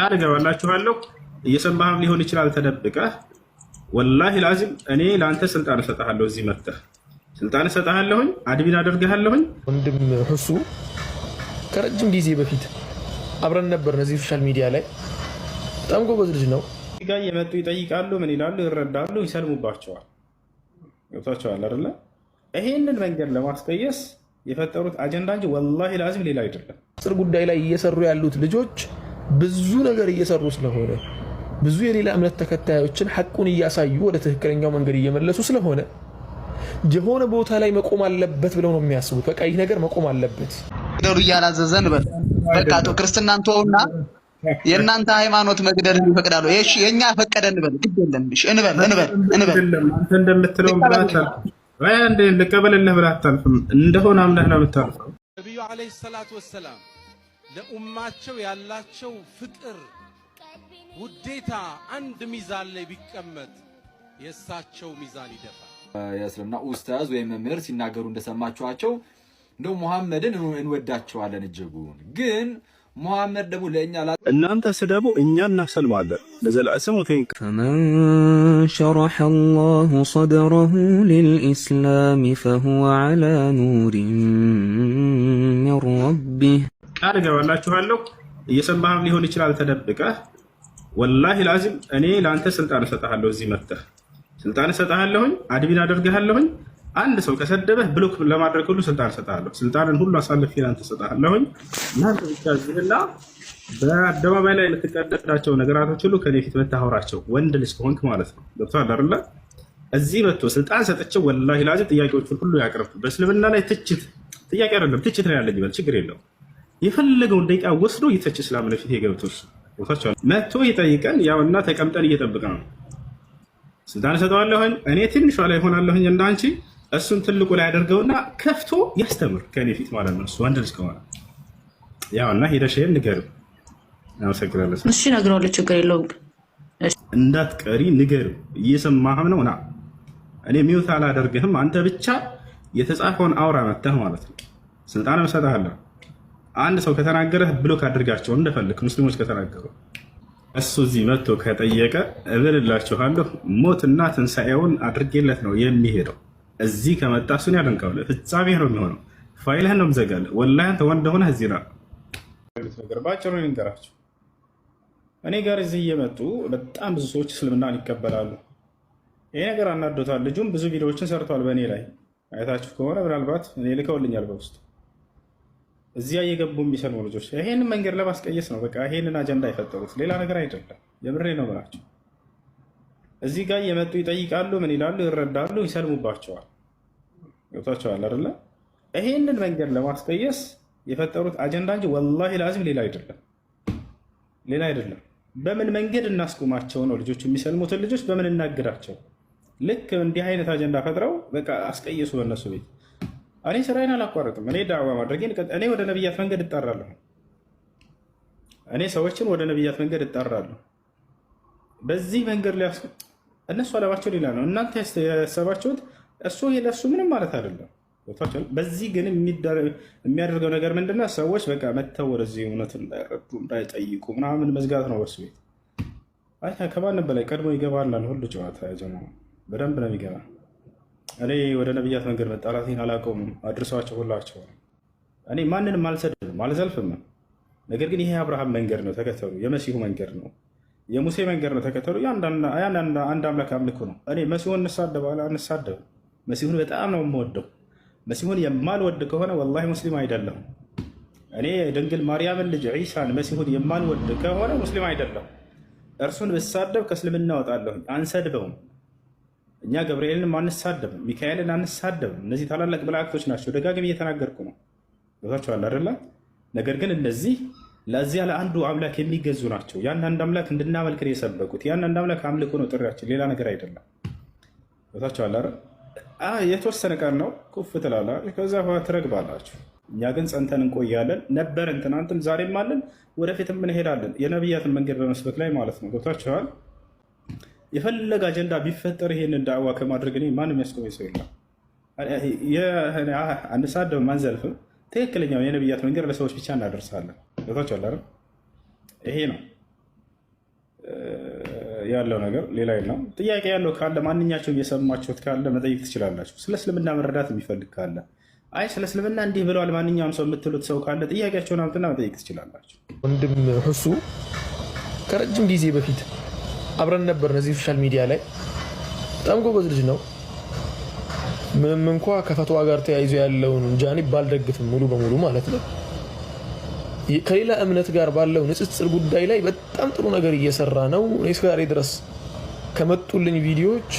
ቃል እገባላችኋለሁ። እየሰማህም ሊሆን ይችላል ተደብቀህ። ወላሂ ላዚም እኔ ለአንተ ስልጣን እሰጥሃለሁ። እዚህ መጥተህ ስልጣን እሰጥሃለሁኝ፣ አድሚን አደርግሃለሁኝ። ወንድም ሁሱ ከረጅም ጊዜ በፊት አብረን ነበር እነዚህ ሶሻል ሚዲያ ላይ በጣም ጎበዝ ልጅ ነው። ጋር እየመጡ ይጠይቃሉ፣ ምን ይላሉ፣ ይረዳሉ፣ ይሰልሙባቸዋል። ገብቷቸዋል አይደለ? ይሄንን መንገድ ለማስቀየስ የፈጠሩት አጀንዳ እንጂ ወላሂ ላዚም ሌላ አይደለም። ስር ጉዳይ ላይ እየሰሩ ያሉት ልጆች ብዙ ነገር እየሰሩ ስለሆነ ብዙ የሌላ እምነት ተከታዮችን ሐቁን እያሳዩ ወደ ትክክለኛው መንገድ እየመለሱ ስለሆነ የሆነ ቦታ ላይ መቆም አለበት ብለው ነው የሚያስቡት። በቃ ይህ ነገር መቆም አለበት ግደሉ እያላዘዘን በል በቃ ቶ ክርስትናን የእናንተ ሃይማኖት መግደል ይፈቅዳሉ የእኛ ፈቀደ በል ግድ የለም እንበል እንበል እንበል አንተ እንደምትለው ልቀበልልህ እንደሆነ አምነህ ነው የምታልፈው ነቢዩ ዓለይሂ ሰላቱ ወሰላም لأمّاتشو ياللّاتشو فتر وديتا عند ميزان لي بيكمّت يساتشو ميزان يدفع يا سلام أستاذ ويا ممّر سينا قرون دسا ما تشواتشو نو محمد نو انوداتشو على نجيبون جن محمد دمو لإنيا لا إنان تسدابو إنيا نحسن معدا نزل عسم وثينك فمن شرح الله صدره للإسلام فهو على نور من ربه ቃል እገባላችኋለሁ። እየሰማህም ሊሆን ይችላል ተደብቀህ። ወላሂ ላዚም እኔ ለአንተ ስልጣን እሰጥሃለሁ። እዚህ መጥተህ ስልጣን እሰጥሃለሁኝ፣ አድሚን አደርግሃለሁኝ። አንድ ሰው ከሰደበህ ብሎክ ለማድረግ ሁሉ ስልጣን እሰጥሃለሁ። ስልጣንን ሁሉ አሳልፌ ለአንተ እሰጥሃለሁኝ። እናንተ ብቻ ዝህና በአደባባይ ላይ የምትቀደዳቸው ነገራቶች ሁሉ ከኔ ፊት መታወራቸው ወንድ ልጅ ከሆንክ ማለት ነው። ገብቶሃል አይደለ? እዚህ መጥቶ ስልጣን ሰጥቼው ወላሂ ላዚም ጥያቄዎችን ሁሉ ያቅርብ። በእስልምና ላይ ትችት ጥያቄ አይደለም ትችት ነው ያለኝ። ይበል ችግር የለውም የፈለገውን ደቂቃ ወስዶ ይተች እስላም ለፊት የገብቶች ቦታቸዋል መጥቶ ይጠይቀን እና ተቀምጠን እየጠብቀ ነው። ስልጣን እሰጠዋለሁኝ እኔ ትንሿ ላይ ሆናለሁኝ እና አንቺ እሱን ትልቁ ላይ ያደርገውና ከፍቶ ያስተምር ከኔ ፊት ማለት ነው። እሱ ወንድ ልጅ ከሆነ እና ሄደሽ ንገር አመሰግናለሁ። እሺ እነግረዋለሁ፣ ችግር የለውም። እንዳትቀሪ ንገር፣ እየሰማህም ነው ና እኔ ሚውት አላደርግህም። አንተ ብቻ የተጻፈውን አውራ መተህ ማለት ነው። ስልጣን እሰጥሃለሁ አንድ ሰው ከተናገረ ብሎክ አድርጋቸው እንደፈልግ ሙስሊሞች ከተናገሩ እሱ እዚህ መጥቶ ከጠየቀ እብልላችኋለሁ ሞትና ትንሳኤውን አድርጌለት ነው የሚሄደው። እዚህ ከመጣ እሱን ያደንቀዋል። ፍጻሜ ነው የሚሆነው። ፋይልህን ነው ምዘጋለ ወላሂ አንተ ወንድ ሆነህ እዚህ ነው ነገር በአጭሩ ልንገራቸው። እኔ ጋር እዚህ እየመጡ በጣም ብዙ ሰዎች እስልምናን ይቀበላሉ። ይሄ ነገር አናዶታል። ልጁም ብዙ ቪዲዮዎችን ሰርቷል በእኔ ላይ አይታችሁ ከሆነ ምናልባት እኔ ልከውልኛል በውስጥ እዚያ እየገቡ የሚሰኑ ልጆች ይሄንን መንገድ ለማስቀየስ ነው። በቃ ይሄንን አጀንዳ የፈጠሩት ሌላ ነገር አይደለም። የምሬ ነው ብላቸው እዚህ ጋር የመጡ ይጠይቃሉ፣ ምን ይላሉ፣ ይረዳሉ፣ ይሰልሙባቸዋል። ገብቷቸዋል አይደለ? ይሄንን መንገድ ለማስቀየስ የፈጠሩት አጀንዳ እንጂ ወላሂ ላዝም ሌላ አይደለም፣ ሌላ አይደለም። በምን መንገድ እናስቁማቸው ነው ልጆቹ የሚሰልሙትን ልጆች በምን እናግዳቸው? ልክ እንዲህ አይነት አጀንዳ ፈጥረው በቃ አስቀየሱ በእነሱ ቤት እኔ ስራዬን አላቋረጥም። እኔ ዳዕዋ ማድረጌን እኔ ወደ ነቢያት መንገድ እጠራለሁ። እኔ ሰዎችን ወደ ነቢያት መንገድ እጠራለሁ። በዚህ መንገድ ላይ እነሱ አለባቸው ሌላ ነው። እናንተ ያሰባችሁት እሱ ለእሱ ምንም ማለት አይደለም። በዚህ ግን የሚያደርገው ነገር ምንድነው? ሰዎች በቃ መጥተው ወደዚህ እውነት እንዳይረዱ እንዳይጠይቁ ምናምን መዝጋት ነው። በሱ ቤት ከማንም በላይ ቀድሞ ይገባላል ሁሉ ጨዋታ በደንብ ነው የሚገባ እኔ ወደ ነቢያት መንገድ መጣላቴን አላውቀውም። አድርሰዋቸው ሁላቸው እኔ ማንንም አልሰድብም፣ አልዘልፍም። ነገር ግን ይሄ የአብርሃም መንገድ ነው ተከተሉ፣ የመሲሁ መንገድ ነው፣ የሙሴ መንገድ ነው ተከተሉ። አንድ አምላክ አምልኩ ነው። እኔ መሲሁን እንሳደብ አንሳደብ። መሲሁን በጣም ነው የምወደው። መሲሁን የማልወድ ከሆነ ወላሂ ሙስሊም አይደለም። እኔ ድንግል ማርያምን ልጅ ዒሳን መሲሁን የማልወድ ከሆነ ሙስሊም አይደለም። እርሱን ብሳደብ ከእስልምና እወጣለሁ። አንሰድበውም እኛ ገብርኤልንም አንሳደብም፣ ሚካኤልን አንሳደብም። እነዚህ ታላላቅ መላእክቶች ናቸው። ደጋግም እየተናገርኩ ነው። ገብታችኋል አይደለ? ነገር ግን እነዚህ ለዚያ ለአንዱ አምላክ የሚገዙ ናቸው። ያን አንድ አምላክ እንድናመልክ ነው የሰበኩት። ያን አንድ አምላክ አምልኮ ነው ጥሪያችን፣ ሌላ ነገር አይደለም። ገብታችኋል አይደል? የተወሰነ ቀን ነው ኩፍ ትላላ፣ ከዛ በኋላ ትረግባላችሁ። እኛ ግን ጸንተን እንቆያለን። ነበርን፣ ትናንትም ዛሬም አለን፣ ወደፊትም እንሄዳለን። የነቢያትን መንገድ በመስበክ ላይ ማለት ነው። ገብታችኋል የፈለገ አጀንዳ ቢፈጠር ይሄንን ዳዕዋ ከማድረግ እኔ ማንም ያስቆመኝ ሰው የለም። አንሳደብም፣ ማንዘልፍም ትክክለኛው የነብያት መንገድ ለሰዎች ብቻ እናደርሳለን። ቶች ይሄ ነው ያለው ነገር፣ ሌላ የለም። ጥያቄ ያለው ካለ ማንኛቸውም የሰማችሁት ካለ መጠየቅ ትችላላችሁ። ስለ እስልምና መረዳት የሚፈልግ ካለ አይ ስለ እስልምና እንዲህ ብለዋል ማንኛውም ሰው የምትሉት ሰው ካለ ጥያቄያቸውን አምጥና መጠየቅ ትችላላችሁ። ወንድም ሁሱ ከረጅም ጊዜ በፊት አብረን ነበር እዚህ ሶሻል ሚዲያ ላይ በጣም ጎበዝ ልጅ ነው። ምንም እንኳ ከፈትዋ ጋር ተያይዞ ያለውን ጃኒ ባልደግፍም ሙሉ በሙሉ ማለት ነው ከሌላ እምነት ጋር ባለው ንጽጽር ጉዳይ ላይ በጣም ጥሩ ነገር እየሰራ ነው። እኔ እስከዛሬ ድረስ ከመጡልኝ ቪዲዮዎች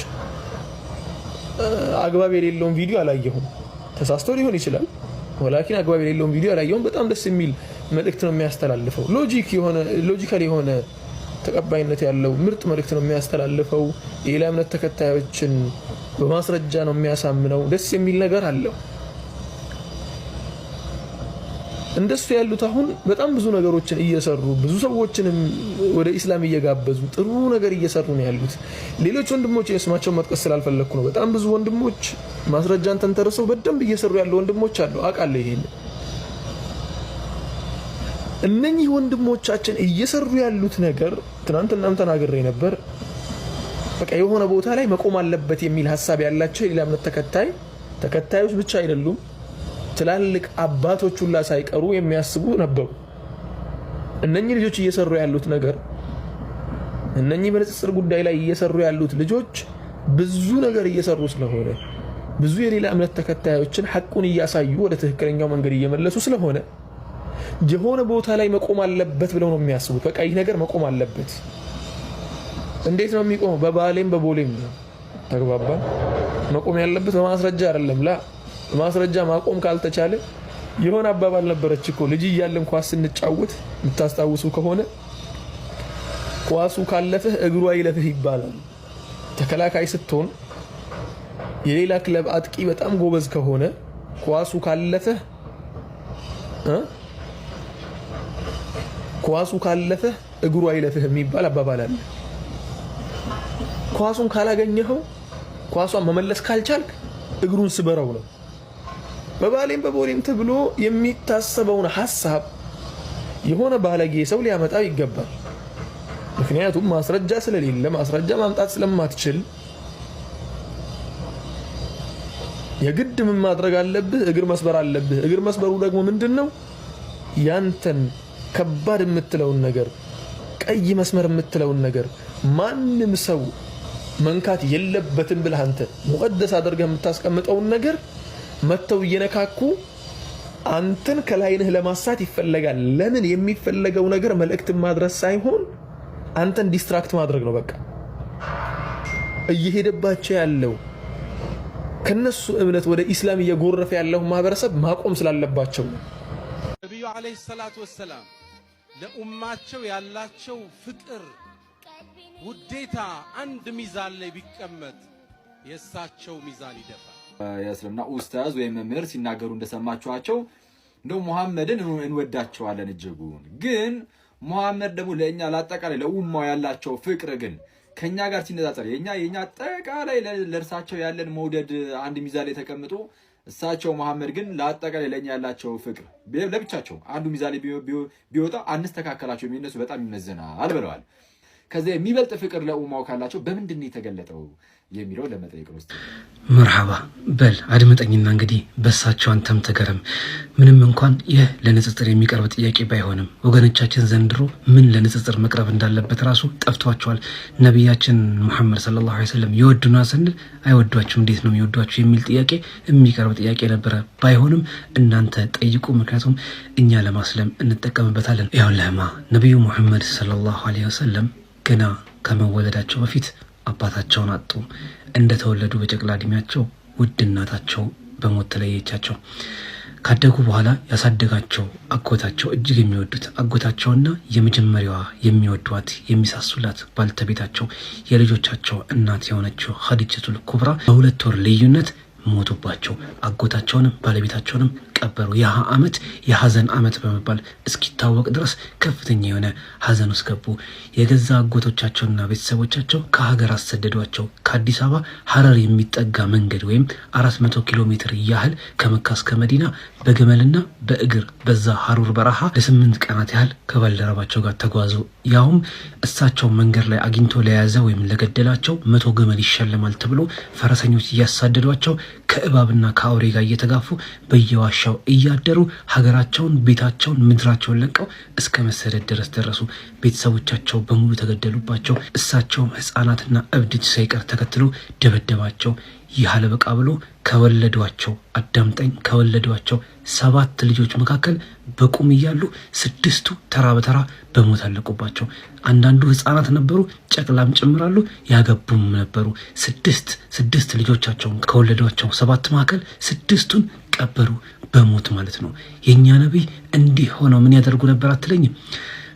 አግባብ የሌለውን ቪዲዮ አላየሁም። ተሳስቶ ሊሆን ይችላል፣ ወላኪን አግባብ የሌለውን ቪዲዮ አላየሁም። በጣም ደስ የሚል መልእክት ነው የሚያስተላልፈው ሎጂካል የሆነ ተቀባይነት ያለው ምርጥ መልእክት ነው የሚያስተላልፈው። የሌላ እምነት ተከታዮችን በማስረጃ ነው የሚያሳምነው። ደስ የሚል ነገር አለው። እንደሱ ያሉት አሁን በጣም ብዙ ነገሮችን እየሰሩ ብዙ ሰዎችንም ወደ ኢስላም እየጋበዙ ጥሩ ነገር እየሰሩ ነው ያሉት። ሌሎች ወንድሞች የስማቸውን መጥቀስ ስላልፈለግኩ ነው። በጣም ብዙ ወንድሞች ማስረጃን ተንተርሰው በደንብ እየሰሩ ያሉ ወንድሞች አሉ። አውቃለሁ ይሄን እነኚህ ወንድሞቻችን እየሰሩ ያሉት ነገር ትናንት እናም ተናግሬ ነበር። በቃ የሆነ ቦታ ላይ መቆም አለበት የሚል ሀሳብ ያላቸው የሌላ እምነት ተከታይ ተከታዮች ብቻ አይደሉም፣ ትላልቅ አባቶች ሁላ ሳይቀሩ የሚያስቡ ነበሩ። እነኚህ ልጆች እየሰሩ ያሉት ነገር እነኚህ በንጽጽር ጉዳይ ላይ እየሰሩ ያሉት ልጆች ብዙ ነገር እየሰሩ ስለሆነ ብዙ የሌላ እምነት ተከታዮችን ሐቁን እያሳዩ ወደ ትክክለኛው መንገድ እየመለሱ ስለሆነ የሆነ ቦታ ላይ መቆም አለበት ብለው ነው የሚያስቡት። በቃ ይህ ነገር መቆም አለበት። እንዴት ነው የሚቆመው? በባሌም በቦሌም ነው። ተግባባ። መቆም ያለበት በማስረጃ አይደለም። ላ በማስረጃ ማቆም ካልተቻለ የሆነ አባባል ነበረች እኮ ልጅ እያለን ኳስ ስንጫወት የምታስታውሱ ከሆነ ኳሱ ካለፈህ እግሩ አይለፍህ ይባላል። ተከላካይ ስትሆን የሌላ ክለብ አጥቂ በጣም ጎበዝ ከሆነ ኳሱ ካለፈህ። ኳሱ ካለፈህ እግሩ አይለፍህ የሚባል አባባል አለ። ኳሱን ካላገኘኸው ኳሷን መመለስ ካልቻልክ እግሩን ስበረው ነው። በባሌም በቦሌም ተብሎ የሚታሰበውን ሀሳብ የሆነ ባለጌ ሰው ሊያመጣው ይገባል። ምክንያቱም ማስረጃ ስለሌለ ማስረጃ ማምጣት ስለማትችል የግድ ምን ማድረግ አለብህ? እግር መስበር አለብህ። እግር መስበሩ ደግሞ ምንድን ነው? ያንተን ከባድ የምትለውን ነገር ቀይ መስመር የምትለውን ነገር ማንም ሰው መንካት የለበትም ብለህ አንተ ሙቀደስ አድርገህ የምታስቀምጠውን ነገር መጥተው እየነካኩ አንተን ከላይንህ ለማሳት ይፈለጋል። ለምን የሚፈለገው ነገር መልእክትን ማድረስ ሳይሆን አንተን ዲስትራክት ማድረግ ነው። በቃ እየሄደባቸው ያለው ከነሱ እምነት ወደ ኢስላም እየጎረፈ ያለው ማህበረሰብ ማቆም ስላለባቸው ነው። ነቢዩ ዓለይሂ ሰላቱ ወሰላም ለኡማቸው ያላቸው ፍቅር፣ ውዴታ አንድ ሚዛን ላይ ቢቀመጥ የእሳቸው ሚዛን ይደፋል። የእስልምና ኡስታዝ ወይም መምህር ሲናገሩ እንደሰማችኋቸው እንደው ሙሐመድን እንወዳቸዋለን እጅጉን። ግን ሙሐመድ ደግሞ ለእኛ ለአጠቃላይ ለኡማው ያላቸው ፍቅር ግን ከኛ ጋር ሲነጻጸር የኛ የኛ አጠቃላይ ለእርሳቸው ያለን መውደድ አንድ ሚዛን ላይ ተቀምጦ እሳቸው መሐመድ ግን ለአጠቃላይ ለእኛ ያላቸው ፍቅር ለብቻቸው አንዱ ሚዛን ቢወጣ አንስተካከላቸው የሚነሱ በጣም ይመዝናል ብለዋል። ከዚያ የሚበልጥ ፍቅር ለኡማው ካላቸው በምንድን ነው የተገለጠው የሚለው ለመጠየቅ ነው። መርሃባ በል አድመጠኝና እንግዲህ በሳቸው አንተም ተገረም። ምንም እንኳን ይህ ለንጽጽር የሚቀርብ ጥያቄ ባይሆንም ወገኖቻችን ዘንድሮ ምን ለንጽጽር መቅረብ እንዳለበት ራሱ ጠፍቷቸዋል። ነቢያችን ሙሐመድ ሰለላሁ ዐለይሂ ወሰለም የወዱና ስንል አይወዷችሁ እንዴት ነው የሚወዷችሁ የሚል ጥያቄ የሚቀርብ ጥያቄ ነበረ። ባይሆንም እናንተ ጠይቁ፣ ምክንያቱም እኛ ለማስለም እንጠቀምበታለን። ያው ለህማ ነቢዩ ሙሐመድ ሰለላሁ ዐለይሂ ወሰለም ገና ከመወለዳቸው በፊት አባታቸውን አጡ። እንደተወለዱ በጨቅላ ዕድሜያቸው ውድ እናታቸው በሞት ተለየቻቸው። ካደጉ በኋላ ያሳደጋቸው አጎታቸው እጅግ የሚወዱት አጎታቸውና የመጀመሪያዋ የሚወዷት የሚሳሱላት ባልተቤታቸው የልጆቻቸው እናት የሆነችው ሀዲጀቱል ኩብራ በሁለት ወር ልዩነት ሞቱባቸው። አጎታቸውንም ባለቤታቸውንም ቀበሩ ያ ዓመት የሀዘን ዓመት በመባል እስኪታወቅ ድረስ ከፍተኛ የሆነ ሀዘን ውስጥ ገቡ። የገዛ አጎቶቻቸውና ቤተሰቦቻቸው ከሀገር አሰደዷቸው። ከአዲስ አበባ ሀረር የሚጠጋ መንገድ ወይም አራት መቶ ኪሎ ሜትር ያህል ከመካ እስከ መዲና በግመልና በእግር በዛ ሀሩር በረሃ ለስምንት ቀናት ያህል ከባልደረባቸው ጋር ተጓዙ። ያውም እሳቸው መንገድ ላይ አግኝቶ ለያዘ ወይም ለገደላቸው መቶ ግመል ይሸለማል ተብሎ ፈረሰኞች እያሳደዷቸው ከእባብና ከአውሬ ጋር እየተጋፉ በየዋሻ በየዳርቻው እያደሩ ሀገራቸውን፣ ቤታቸውን፣ ምድራቸውን ለቀው እስከ መሰደድ ድረስ ደረሱ። ቤተሰቦቻቸው በሙሉ ተገደሉባቸው። እሳቸውም ሕፃናትና እብድ ሳይቀር ተከትሎ ደበደባቸው። ይህ አለበቃ ብሎ ከወለዷቸው አዳምጠኝ ከወለዷቸው ሰባት ልጆች መካከል በቁም እያሉ ስድስቱ ተራ በተራ በሞት አለቁባቸው። አንዳንዱ ህፃናት ነበሩ፣ ጨቅላም ጭምራሉ፣ ያገቡም ነበሩ። ስድስት ስድስት ልጆቻቸውን ከወለዷቸው ሰባት መካከል ስድስቱን ሲቀበሩ በሞት ማለት ነው። የእኛ ነቢይ እንዲህ ሆነው ምን ያደርጉ ነበር አትለኝም?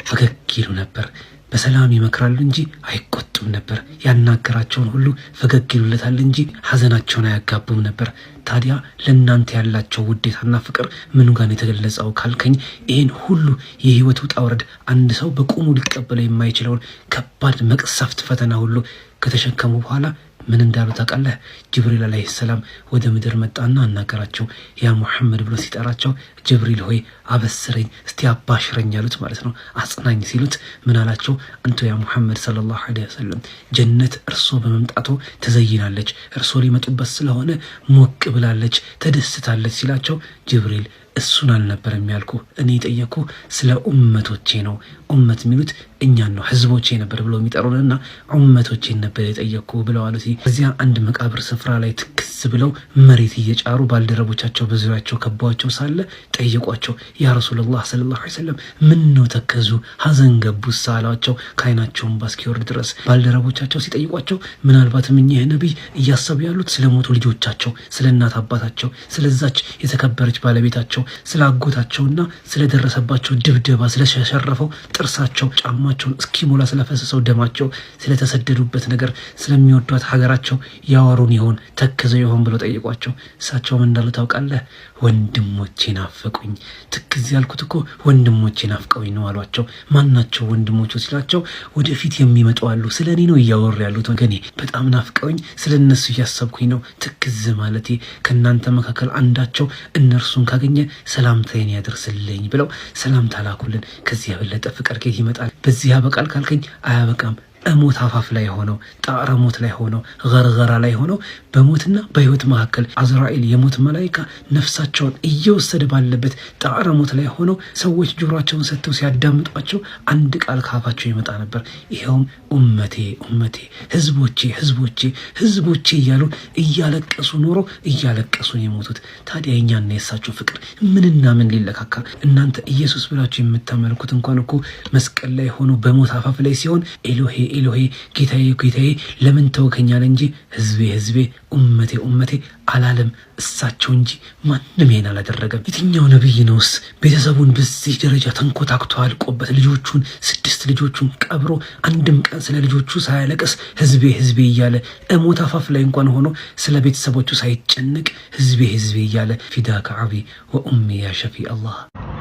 ፈገግ ይሉ ነበር። በሰላም ይመክራሉ እንጂ አይቆጡም ነበር። ያናገራቸውን ሁሉ ፈገግ ይሉለታል እንጂ ሐዘናቸውን አያጋቡም ነበር። ታዲያ ለእናንተ ያላቸው ውዴታና ፍቅር ምኑ ጋር የተገለጸው ካልከኝ ይህን ሁሉ የህይወት ውጣ ውረድ አንድ ሰው በቁሙ ሊቀበለው የማይችለውን ከባድ መቅሰፍት ፈተና ሁሉ ከተሸከሙ በኋላ ምን እንዳሉ ታውቃለህ? ጅብሪል አለይሂ ሰላም ወደ ምድር መጣና አናገራቸው። ያ ሙሐመድ ብሎ ሲጠራቸው ጅብሪል ሆይ አበስረኝ፣ እስቲ አባሽረኝ ያሉት ማለት ነው። አጽናኝ ሲሉት ምን አላቸው? አንተ ያ ሙሐመድ ሰለላሁ ዐለይሂ ወሰለም ጀነት እርሶ በመምጣቱ ተዘይናለች፣ እርሶ ሊመጡበት ስለሆነ ሞቅ ብላለች፣ ተደስታለች ሲላቸው ጅብሪል እሱን አልነበረም ያልኩ እኔ የጠየኩ ስለ ኡመቶቼ ነው ኡመት የሚሉት እኛን ነው ህዝቦቼ ነበር ብለው የሚጠሩን እና ኡመቶቼን ነበር የጠየቅኩ ብለዋል። እዚያ አንድ መቃብር ስፍራ ላይ ትክስ ብለው መሬት እየጫሩ ባልደረቦቻቸው በዙሪያቸው ከቧቸው ሳለ ጠየቋቸው። ያ ረሱላላህ ሰለላሁ ዐለይሂ ወሰለም ምን ነው ተከዙ ሀዘን ገቡ ሳሏቸው ከአይናቸውን ባስኪወርድ ድረስ ባልደረቦቻቸው ሲጠይቋቸው ምናልባትም እኚህ ነቢይ እያሰቡ ያሉት ስለ ሞቱ ልጆቻቸው፣ ስለ እናት አባታቸው፣ ስለዛች የተከበረች ባለቤታቸው፣ ስለ አጎታቸውና ስለደረሰባቸው ድብደባ ስለሸረፈው ጥርሳቸው ጫማቸውን እስኪሞላ ስለፈሰሰው ደማቸው፣ ስለተሰደዱበት ነገር፣ ስለሚወዷት ሀገራቸው ያወሩን ይሆን ተክዘው ይሆን ብለው ጠይቋቸው። እሳቸውም እንዳሉ ታውቃለህ ወንድሞቼ ናፈቁኝ፣ ትክዝ ያልኩት እኮ ወንድሞቼ ናፍቀውኝ ነው አሏቸው። ማናቸው ወንድሞቹ ሲላቸው ወደፊት የሚመጡ አሉ፣ ስለ እኔ ነው እያወሩ ያሉት። ወገኔ በጣም ናፍቀውኝ፣ ስለ እነሱ እያሰብኩኝ ነው ትክዝ ማለቴ። ከእናንተ መካከል አንዳቸው እነርሱን ካገኘ ሰላምታዬን ያደርስልኝ ብለው ሰላምታ ላኩልን። ከዚህ የበለጠ ፍቅር ከየት ይመጣል? በዚህ ያበቃል ካልከኝ አያበቃም። እሞት አፋፍ ላይ ሆነው ጣረ ሞት ላይ ሆነው ገርገራ ላይ ሆነው በሞትና በህይወት መካከል አዝራኤል የሞት መላይካ ነፍሳቸውን እየወሰደ ባለበት ጣረ ሞት ላይ ሆነው ሰዎች ጆሯቸውን ሰጥተው ሲያዳምጧቸው አንድ ቃል ካፋቸው ይመጣ ነበር። ይኸውም ኡመቴ ኡመቴ፣ ህዝቦቼ ህዝቦቼ፣ ህዝቦቼ እያሉ እያለቀሱ ኖሮ እያለቀሱ የሞቱት። ታዲያ የኛና የሳቸው ፍቅር ምንና ምን ሊለካካ? እናንተ ኢየሱስ ብላችሁ የምታመልኩት እንኳን እኮ መስቀል ላይ ሆኖ በሞት አፋፍ ላይ ሲሆን ኤሎሄ ኤሎሄ ጌታዬ ጌታዬ ለምን ተወከኛል? እንጂ ህዝቤ ህዝቤ ኡመቴ ኡመቴ አላለም እሳቸው እንጂ ማንም ይሄን አላደረገም። የትኛው ነቢይ ነውስ ቤተሰቡን በዚህ ደረጃ ተንኮታክቶ አልቆበት ልጆቹን ስድስት ልጆቹን ቀብሮ አንድም ቀን ስለ ልጆቹ ሳያለቅስ ህዝቤ ህዝቤ እያለ እሞት አፋፍ ላይ እንኳን ሆኖ ስለ ቤተሰቦቹ ሳይጨንቅ ህዝቤ ህዝቤ እያለ ፊዳከ አቢ ወኡሚ ያ ሸፊ አላህ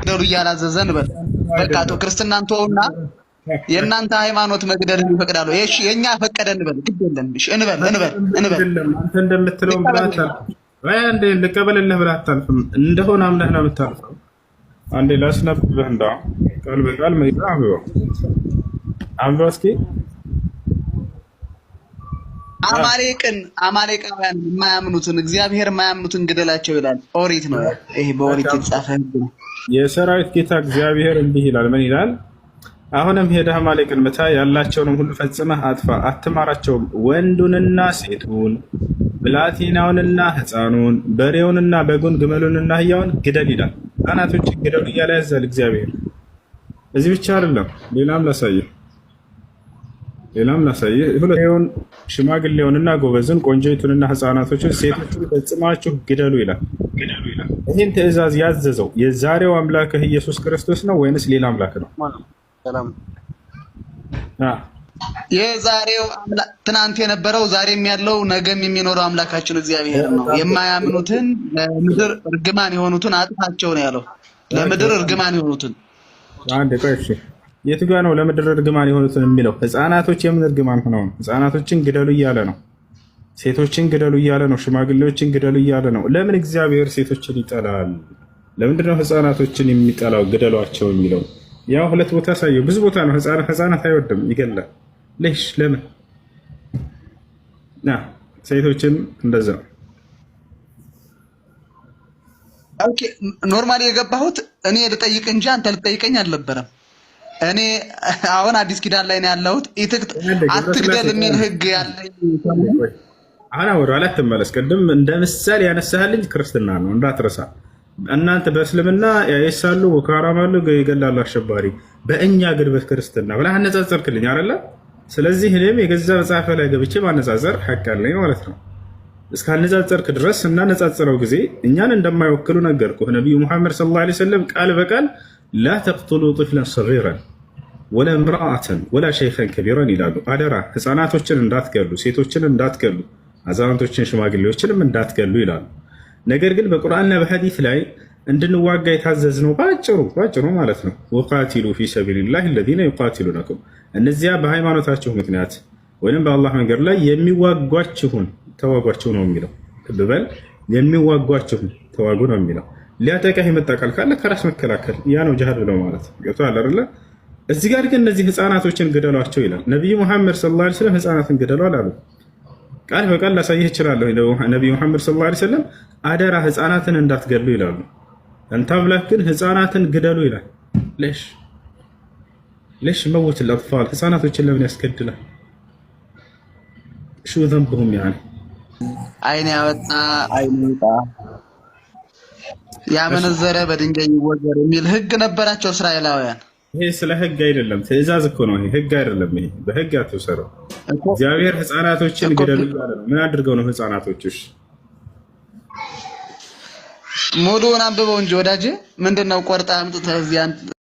ደሩ እያላዘዘን በቃ ክርስትናን ተወውና የእናንተ ሃይማኖት መግደል ይፈቅዳሉ። እሺ የኛ ፈቀደ እንበል፣ ግድ የለም። እሺ እንበል እንበል እንበል። አንተ እንደምትለው ብላት አንዴ ልቀበልልህ ብለህ አታልፍም። እንደሆነ አምለህ ነው የምታልፈው። አንዴ ላስነብብህ እንዳ ቃል በቃል መይዛ አንብበው አንብበው እስኪ። አማሌቅን አማሌቃውያን የማያምኑትን እግዚአብሔር የማያምኑትን ግደላቸው ይላል። ኦሪት ነው ይሄ፣ በኦሪት የተጻፈ ህግ ነው። የሰራዊት ጌታ እግዚአብሔር እንዲህ ይላል። ምን ይላል? አሁንም ሄደህ ማሌክን ምታ፣ ያላቸውንም ሁሉ ፈጽመህ አጥፋ፣ አትማራቸውም። ወንዱንና ሴቱን፣ ብላቴናውንና ህፃኑን በሬውንና በጉን፣ ግመሉንና አህያውን ግደል ይላል። ሕፃናቶችን ግደሉ እያለ ያዛል እግዚአብሔር። እዚህ ብቻ አይደለም፣ ሌላም ላሳየህ፣ ሌላም ላሳየህ። ሁለውን ሽማግሌውንና ጎበዝን፣ ቆንጆይቱንና ህፃናቶችን፣ ሴቶችን ፈጽማችሁ ግደሉ ይላል። ይህን ትእዛዝ ያዘዘው የዛሬው አምላክህ ኢየሱስ ክርስቶስ ነው ወይንስ ሌላ አምላክ ነው? ይህ ዛሬው ትናንት የነበረው ዛሬም ያለው ነገም የሚኖረው አምላካችን እግዚአብሔር ነው። የማያምኑትን ለምድር እርግማን የሆኑትን አጥፋቸው ነው ያለው። ለምድር እርግማን የሆኑትን አንድ ቆይ የቱ ጋ ነው ለምድር እርግማን የሆኑትን የሚለው? ህፃናቶች የምን እርግማን ሆነው ነው? ህፃናቶችን ግደሉ እያለ ነው። ሴቶችን ግደሉ እያለ ነው። ሽማግሌዎችን ግደሉ እያለ ነው። ለምን እግዚአብሔር ሴቶችን ይጠላል? ለምንድነው ህፃናቶችን የሚጠላው ግደሏቸው የሚለው? ያው ሁለት ቦታ ሳየው ብዙ ቦታ ነው። ህፃናት አይወድም ይገላል። ልሽ ለምን ሴቶችን እንደዛ ኖርማሊ የገባሁት እኔ ልጠይቅ እንጂ አንተ ልጠይቀኝ አልነበረም። እኔ አሁን አዲስ ኪዳን ላይ ነው ያለሁት። አትግደል የሚል ህግ ያለኝ አሁን ወደ ኋላ ትመለስ። ቅድም እንደ ምሳሌ ያነሳህልኝ ክርስትና ነው እንዳትረሳ። እናንተ በእስልምና የሳሉ ካራም አሉ ይገላሉ አሸባሪ በእኛ ግን በክርስትና ብላ አነጻጸርክልኝ አለ። ስለዚህ እኔም የገዛ መጽሐፈ ላይ ገብቼ ማነጻጸር ሀቅ አለኝ ማለት ነው። እስካነጻጸርክ ድረስ እናነጻጽረው ጊዜ እኛን እንደማይወክሉ ነገርኩ። ነቢዩ ሙሐመድ ስለ ላ ሰለም ቃል በቃል ላ ተቅትሉ ጥፍለን ሰጊረን ወላ ምርአተን ወላ ሸይኸን ከቢረን ይላሉ። አደራ ህፃናቶችን እንዳትገሉ፣ ሴቶችን እንዳትገሉ፣ አዛውንቶችን ሽማግሌዎችንም እንዳትገሉ ይላሉ። ነገር ግን በቁርአንና በሐዲስ ላይ እንድንዋጋ የታዘዝ ነው። ባጭሩ ባጭሩ ማለት ነው ወቃቲሉ ፊ ሰቢልላህ ለዚነ ዩቃቲሉነኩም እነዚያ በሃይማኖታችሁ ምክንያት ወይም በአላህ መንገድ ላይ የሚዋጓችሁን ተዋጓችሁ ነው የሚለው ብበል የሚዋጓችሁን ተዋጉ ነው የሚለው። ሊያጠቃህ የመጣ ቃል ካለ ከራስ መከላከል ያ ነው ጅሃድ ብለው ማለት ገብቶሃል አይደለ? እዚህ ጋር ግን እነዚህ ህፃናቶችን ግደሏቸው ይላል ነቢዩ መሐመድ ሰለላሁ ዐለይሂ ወሰለም ህፃናትን ግደሏል አሉ። ቃል በቃል ላሳይህ እችላለሁ። ነቢ መሐመድ ሰለላሁ ዓለይሂ ወሰለም አደራ ህፃናትን እንዳትገሉ ይላሉ። እንታ ግን ህፃናትን ግደሉ ይላል። ሌሽ ሌሽ መውት ለአጥፋል ህፃናቶችን ለምን ያስገድላል? ሹ ዘንብሁም ያኔ አይን ያወጣ አይን ይውጣ ያመነዘረ በድንጋይ ይወገር የሚል ህግ ነበራቸው እስራኤላውያን ይሄ ስለ ህግ አይደለም፣ ትእዛዝ እኮ ነው። ይሄ ህግ አይደለም። ይሄ በህግ አትውሰረው። እግዚአብሔር ህፃናቶችን ግደሉ አለ። ምን አድርገው ነው ህፃናቶችሽ? ሙሉውን አንብበው እንጂ ወዳጅ፣ ምንድን ነው ቆርጣ አምጥተህ እዚህ